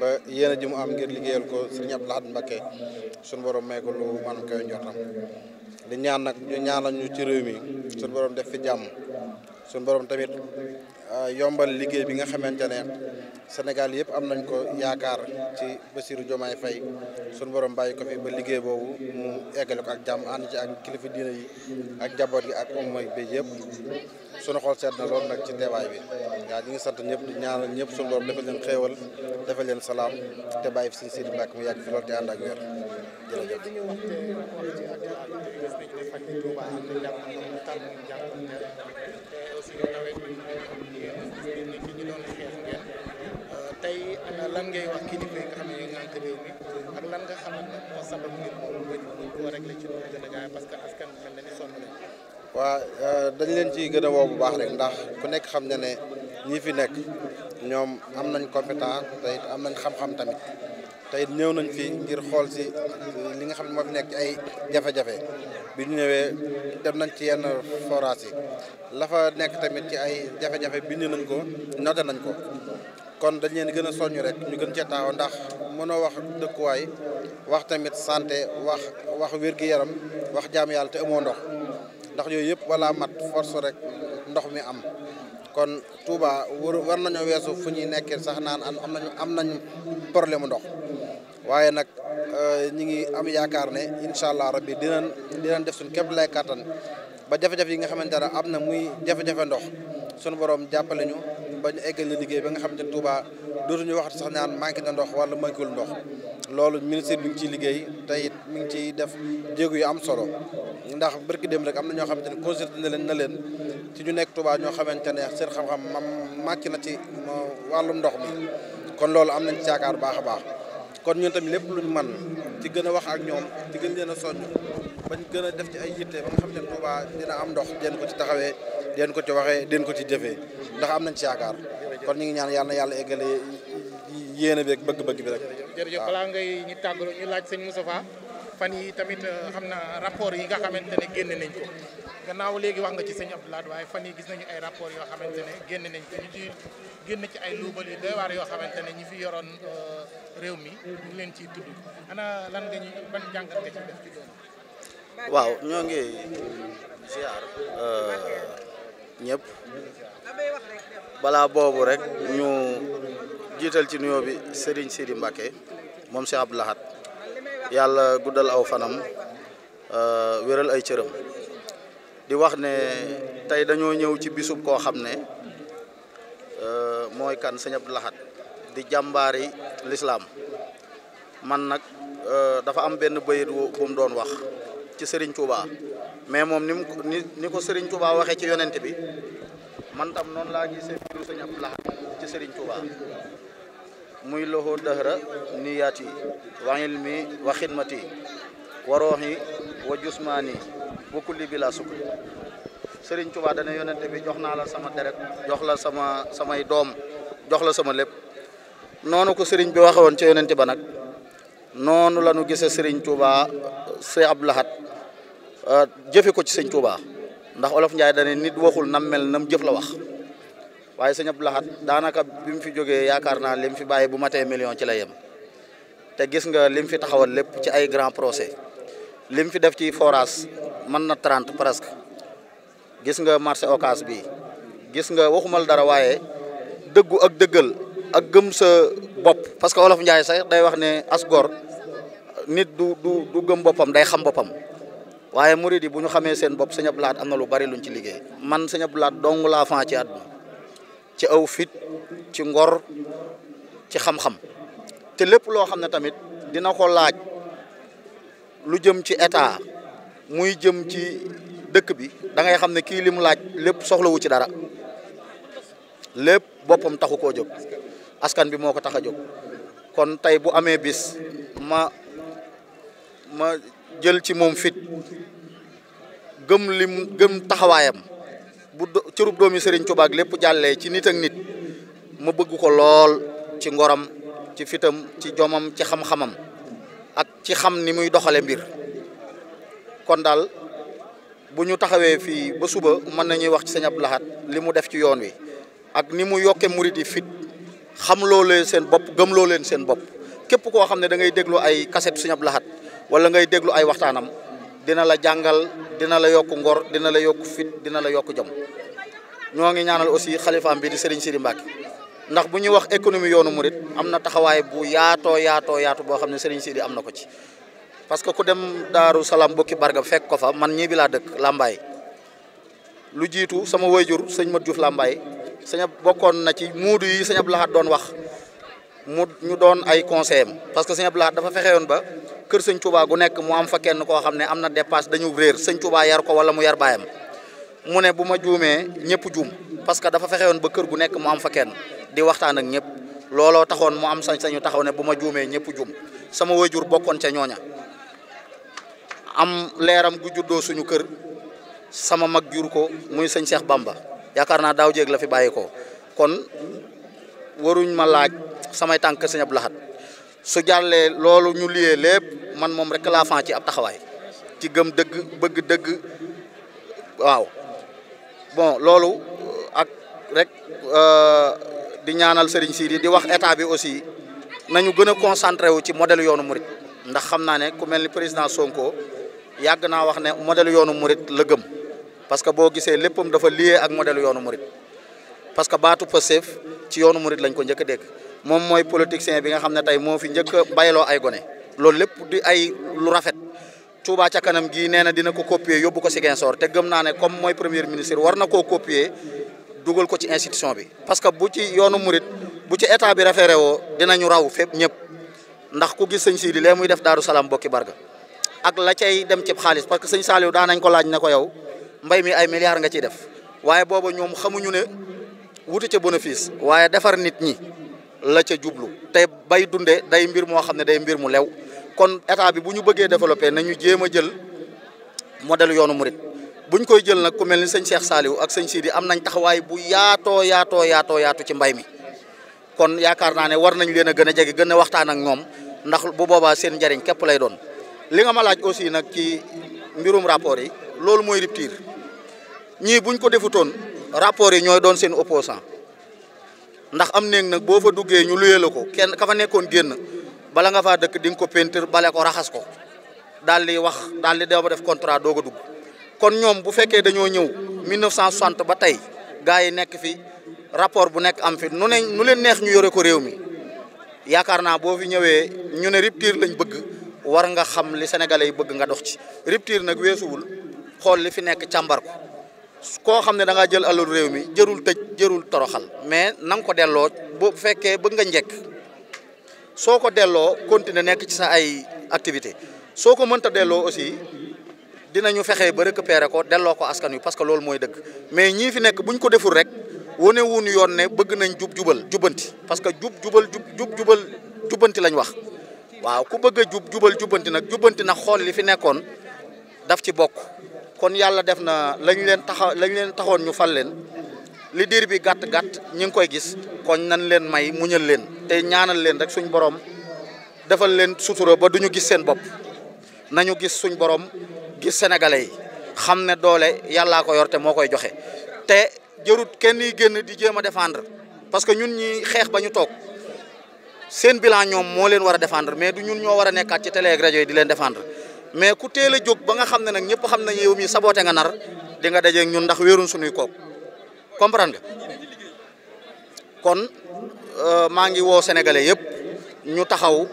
ba yéen a ji mu am ngir liggéeyal ko sëriñ Abdou Lahad Mbacké suñu borom may ko lu maanaam koy njortam di ñaan nag ñu ñaanal ñu ci réew mi suñu borom def fi jàmm suñu borom tamit ah, yombal liggéey bi nga xamante ne senegal yëpp am nañ ko yaakaar ci Bassirou Diomaye Faye sunu borom bàyyi ko fi ba liggéey boobu mu eggale ko ak jàmm ànd ci ak kilifa diina yi ak jaboot yi ak ommoy bi yëpp sunu xool seet na lool nag ci teewaay bi waaw ñu ngi sant ñëpp di ñaanal ñëpp sunu borom defal leen xéewal defal leen salaam te bàyyi fi suñu Sidi Mbacke mu yàgg fi lool te ànd ak wér waa euh, dañ leen ci gën a woo bu baax rek ndax ku nekk xam na ne ñi fi nekk ñoom am nañ compétence te am nañ xam-xam tamit tey ñëw nañ fi ngir xool si euh, li nga xam ne moo fi nekk ay jafe-jafe bi ñu ñëwee dem nañ ci yenn yi la nekk tamit ci ay jafe-jafe bind nañ ko noté nañ ko kon dañ leen gën a soññ rek ñu gën cee taxaw ndax mënoo wax dëkkuwaay wax tamit santé wax wax wér-gi-yaram wax jaam yàlla te amoo ndox ndax yooyu yëpp wala mat force rek ndox mi am kon Touba war nañoo weesu fu ñuy nekkee sax naan am nañu am nañu problème ndox waaye nag euh, ñi ngi am yaakaar ne incha allah rabbi dinañ dinañ def suñ képp lay kattan ba jafe-jafe yi nga xamante ne am na muy jafe-jafe ndox sunu borom jàppale ñu ba ñu eggal liggéey ba nga xam ne Touba dootuñu waxat sax naan manqué na ndox wala manquéwul ndox loolu ministre bi ngi ciy liggéey te mi ngi ciy def jéego yi am solo ndax barki dem rek am na ñoo xamante ne concerté na leen na leen ci ñu nekk Touba ñoo xamante ne seen xam-xam màcc na ci wàllum ndox mi kon loolu am nañ ci yaakaar baax a baax. kon ñun tamit lépp lu luñ man ci gën a wax ak ñoom ci gën leen a soññ bañ gën a def ci ay yitte ba nga xam ne Touba am ndox den ko ci taxawee den ko ci waxee den ko ci jëfee ndax am nañ ci yaakaar kon ñu ngi ñaan yàlla na yàlla eggale yéene beeg bëgg-bëgg bi rek. jërëjëf balaa ngay ñu tàggaloo ñu laaj sëñ Moustapha fan yi tamit euh, xam na rapport yi nga xamante ne génn nañ ko gannaaw léegi wax nga ci sëñ Abdou waaye fan yi gis nañu ay rapport yoo xamante ne génn nañ ko ñu ci génn ci ay luubal yu doy waar yoo xamante ne ñi fi yoroon euh, réew mi ñu leen ciy tudd ana lan nga ñu ban jàngat nga ci waaw ñoo ngi ziar euh, ñëpp balaa boobu rek ñu jiital ci nuyoo bi Serigne Sidi Mbacké moom Cheikh Abdou yàlla guddal aw fanam euh, wéral ay cëram di wax ne tey dañoo ñëw ci bisub koo xam ne euh, mooy kan sëñ Abdou di jàmbaari lislaam man nag euh, dafa am benn bayit bu mu doon wax ci Serigne Touba mais moom ni mu ni ni ko Serigne Touba waxee ci yonent bi man tam noonu laa gisee biiru sëñ Abdou ci Serigne Touba muy loxoo dëhra niyaati wa ilmi wa xidmati wa rooxi wa jusmaani wa kulli bi la sukk Sëriñ Tuubaa dana yonente bi jox naa la sama deret jox la sama samay doom jox la sama lépp noonu ko sëriñ bi waxe woon ca yonente ba nag noonu la ñu gisee Sëriñ Tuubaa Sey Abdou Lahad euh, jëfe ko ci Sëriñ ndax Olof Njaay dane nit waxul nam mel nam jëf la wax waaye sëñ Abdou daanaka bi mu fi jógee yaakaar naa lim fi bàyyi bu matee million ci la yem te gis nga lim fi taxawal lépp ci ay grand procès lim fi def ci forage mën na 30 presque gis nga marché occas bi gis nga waxumal dara waaye dëggu ak dëggal ak gëm sa bopp parce que olof Njaay sax day wax ne as gor nit du du du gëm boppam day xam boppam waaye murid yi bu ñu xamee seen bopp sëñ Abdou Lahad am na lu bari luñ ci liggéey man sëñ Abdou Lahad dong laa ci àdduna ci aw fit ci ngor ci xam-xam te lépp loo xam ne tamit dina ko laaj lu jëm ci état muy jëm ci dëkk bi dangay xam ne kii li laaj lépp soxlawu ci dara lépp boppam taxu koo jóg askan bi moo ko tax a jóg kon tey bu amee bis ma ma jël ci moom fit gëm lim gëm taxawaayam bu cërub doomi Serigne Touba ak lépp jàllee ci nit ak nit mu bëgg ko lool ci ngoram ci fitam ci jomam ci xam-xamam ak ci xam ni muy doxale mbir kon daal bu ñu taxawee fii ba suba mën nañuy wax ci sëñ Abdou li mu def ci yoon wi ak ni mu yokke murit yi fit xam loo seen bopp gëm loo leen seen bopp képp koo xam ne da ngay déglu ay kaset sëñ Abdou Lahad wala ngay déglu ay waxtaanam dina la jàngal dina la yokk ngor dina la yokk fit dina la yokk jom ñoo ngi ñaanal aussi xalifaam bi di Serigne Sidi Mbacke ndax bu ñuy wax économie yoonu murit am na taxawaay bu yaatoo yaatoo yaatu boo xam ne Serigne Sidi am na ko ci parce que ku dem Daaru Salaam bokki barga fekk ko fa man ñii bi laa dëkk Lambaye lu jiitu sama wayjur sëñ Mat juuf Lambaye sëñ bokkoon na ci muudu yi sëñ Abdou Lahad doon wax mu ñu doon ay conseil am parce que sëñ Abdou dafa fexewoon ba kër sëñ Touba gu nekk mu am fa kenn koo xam ne am na dépasse dañu réer sëñ Touba yar ko wala mu yar baayam mu ne bu ma juumee ñëpp juum parce que dafa fexewoon ba kër gu nekk mu am fa kenn di waxtaan ak ñëpp looloo taxoon mu am sañ-sañu taxaw ne bu ma juumee ñëpp juum sama waajur bokkoon ca ñooña am leeram gu juddoo suñu kër sama mag jur ko muy sëñ Cheikh Bamba yaakaar naa daaw jeg la fi bàyyi ko samay tànk sëñ Abdou su jàllee loolu ñu liyee lépp man moom rek laa fan ci ab taxawaay ci gëm dëgg bëgg dëgg waaw bon loolu ak rek euh, di ñaanal Serigne Sidi di wax état bi aussi nañu gën a concentré wu ci modèle yoonu murit ndax xam naa ne ku mel ni président Sonko yàgg naa wax ne modèle yoonu murit la gëm parce que boo gisee léppam dafa lié ak modèle yoonu murit parce que baatu Pastef ci yoonu murit lañ ko njëkk a dégg. moom mooy politicien bi nga xam ne tey moo fi njëkk a bayaloo ay gone loolu lépp di ay lu rafet Touba ca kanam gii nee na dina ko copier yóbbu ko Ziguinchor te gëm naa ne comme mooy premier ministre war na ko copier dugal ko ci institution bi. parce que bu ci yoonu murit bu ci état bi référé woo dinañu raw fépp ñëpp ndax ku gis sëñ Sidi lee muy def Daaru Salaam bokki barga ak la cay dem ci xaalis parce que sëñ Saliou daan nañ ko laaj ne ko yow mbay mi ay milliards nga ciy def waaye booba ñoom xamuñu ne wuti ca bénéfice waaye defar nit ñi. la ca jublu te bay dundee day mbir moo xam ne day mbir mu lew kon état bi bu ñu bëggee développé nañu jéem a jël modèle yoonu murit buñ koy jël nag ku mel ni sëñ Cheikh Saliou ak sëñ Sidi am nañ taxawaay bu yaatoo yaatoo yaatoo yaatu ci mbay mi kon yaakaar naa ne war nañ leen a gën a jege gën a waxtaan ak ñoom ndax bu boobaa seen njariñ képp lay doon li nga ma laaj aussi nag ci mbirum rapport yi loolu mooy rupture ñii buñ ko defutoon rapport yi ñooy doon seen opposant ndax am néeg nag boo fa duggee ñu luyee la ko kenn ka fa nekkoon génn bala nga faa dëkk di nga ko peinture bale ko raxas ko daal di wax daal di dama def contrat doog a dugg kon ñoom bu fekkee dañoo ñëw 1960 ba tey gars yi nekk fi rapport bu nekk am fi nu ne nu leen neex ñu yore ko réew mi yaakaar naa boo fi ñëwee ñu ne rupture lañ bëgg war nga xam li sénégalais yi bëgg nga dox ci rupture nag weesuwul xool li fi nekk càmbar ko koo xam ne da jël alalu réew mi jërul tëj jërul toroxal mais na nga ko delloo bu fekkee bëgg nga njekk soo ko delloo continuer nekk ci sa ay activité soo ko mënta delloo aussi dinañu fexe ba récupérer ko delloo ko askan wi parce que loolu mooy dëgg mais ñii fi nekk buñ ko deful rek wane wuñu yoon ne bëgg nañ jub jubal jubanti parce que jub jubal jub jubal jubanti lañ wax waaw ku bëgg jub jubal jubanti nag jubanti nag xool li fi nekkoon daf ci bokk. kon yàlla def na lañ leen taxa lañ leen taxoon ñu fal leen li diir bi gàtt gàtt ñi ngi koy gis kon nan leen may muñal leen te ñaanal leen rek suñ borom defal leen sutura ba du ñu gis seen bopp ñu gis suñ borom gis sénégalais yi xam ne doole yàllaa ko yorte moo koy joxe te jërut kenn yi génn di jéem a défendre parce que ñun ñi xeex ba ñu toog seen bilan ñoom moo leen wara a défendre mais du ñun ñoo war a nekkaat ci télé rajo yi di leen défendre mais ku teel a jóg ba nga xam ne nag ñëpp xam nañ yow mii saboté nga nar di nga dajeeg ñun ndax wéeruñ suñuy kook comprendre nga kon euh, maa ngi woo sénégalais yëpp ñu taxaw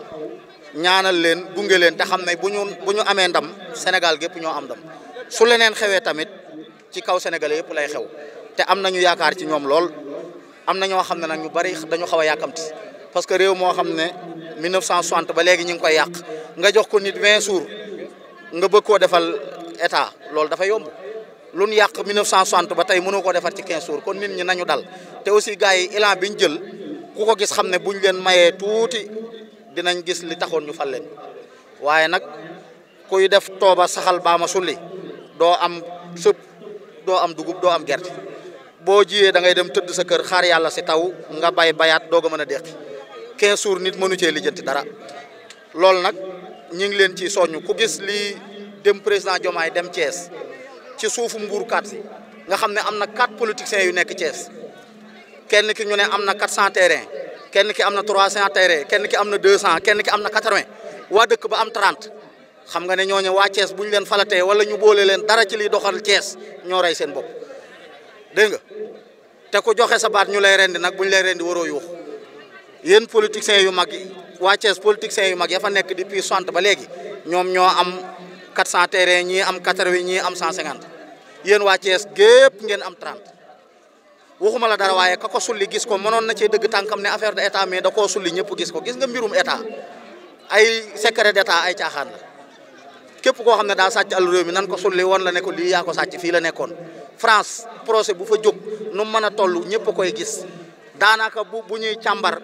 ñaanal leen gunge leen te xam ne bu ñu bu ñu amee ndam Sénégal gépp ñoo am ndam su leneen xewee tamit ci kaw sénégalais yëpp lay xew te am nañu yaakaar ci ñoom lool am na ñoo xam ne nag ñu bari dañu xaw a yàkkamti parce que réew moo xam ne 1960 ba léegi ñu ngi koy yàq nga jox ko nit 20 jours nga bëgg koo defal état loolu dafa yomb lu ñu yàq 1960 ba tey mënoo koo defar ci 15 jours kon nit ñi nañu dal te aussi gars yi élan bi ñu jël ku ko gis xam ne bu ñu leen mayee tuuti dinañ gis li taxoon ñu fal leen waaye nag kuy def tooba saxal baama sulli doo am sëb doo am dugub doo am gerte boo jiyee da ngay dem tëdd sa kër xaar yàlla si taw nga bay bayaat doo a mën a deqi 15 jours nit mënu cee lijjanti dara loolu nag. ñi ngi leen ci soññ ku gis lii dem président Diomaye dem cees ci suufu mbuurkat si nga xam ne am na quatre politiciens yu nekk cees kenn ki ñu ne am na quatre cent terrain kenn ki am na trois cent terrain kenn ki am na deux cent kenn ki am na quatre waa dëkk ba am trente xam nga ne ñooñu waa Thiès bu ñu leen falatee wala ñu boole leen dara ci li doxal Thiès ñoo rey seen bopp dégg nga te ku joxe sa baat ñu lay rendi nag bu ñu lay rendi waro yuux yéen politiciens yu mag yi waa Thiès yu mag ya fa nekk depuis soixante ba léegi ñoom ñoo am 400 terrain ñii am 80 ñi am 150 yéen waa Thiès gépp ngeen am 30 waxuma la dara waaye ka ko sulli gis ko mënoon na cee dëgg tànkam ne affaire de état mais da koo sulli ñëpp gis ko gis nga mbirum état ay secret d'état ay caaxaan la képp koo xam ne daal sàcc àll mi nan ko sulli woon la ne ko lii yaa ko fii la nekkoon France procès bu fa jóg nu mën a toll ñëpp koy gis daanaka bu bu ñuy càmbar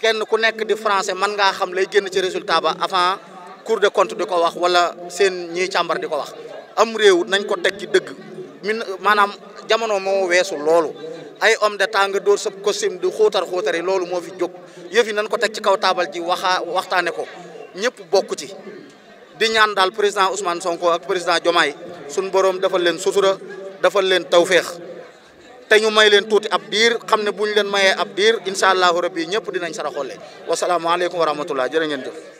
kenn ku nekk di français man ngaa xam lay génn ci résultat ba avant cour de comptes di ko wax wala seen ñiy càmbar di ko wax am réew nañ ko teg ci dëgg min maanaam jamono moo weesu loolu ay homme de temps nga dóor sa costume du xóotar xóotar loolu moo fi jóg yëf nañ ko teg ci kaw taabal ji waxaa waxtaane ko ñëpp bokk ci di ñaan daal président Ousmane Sonko ak président Diomaye suñ boroom defal leen sutura defal leen tawféex te ñu may leen tuuti ab diir xam ne bu ñu leen mayee ab diir incha allahu rabi ñëpp dinañ saraxolle wasalaamualeykum wa rahmatullah jërë ngeen jëf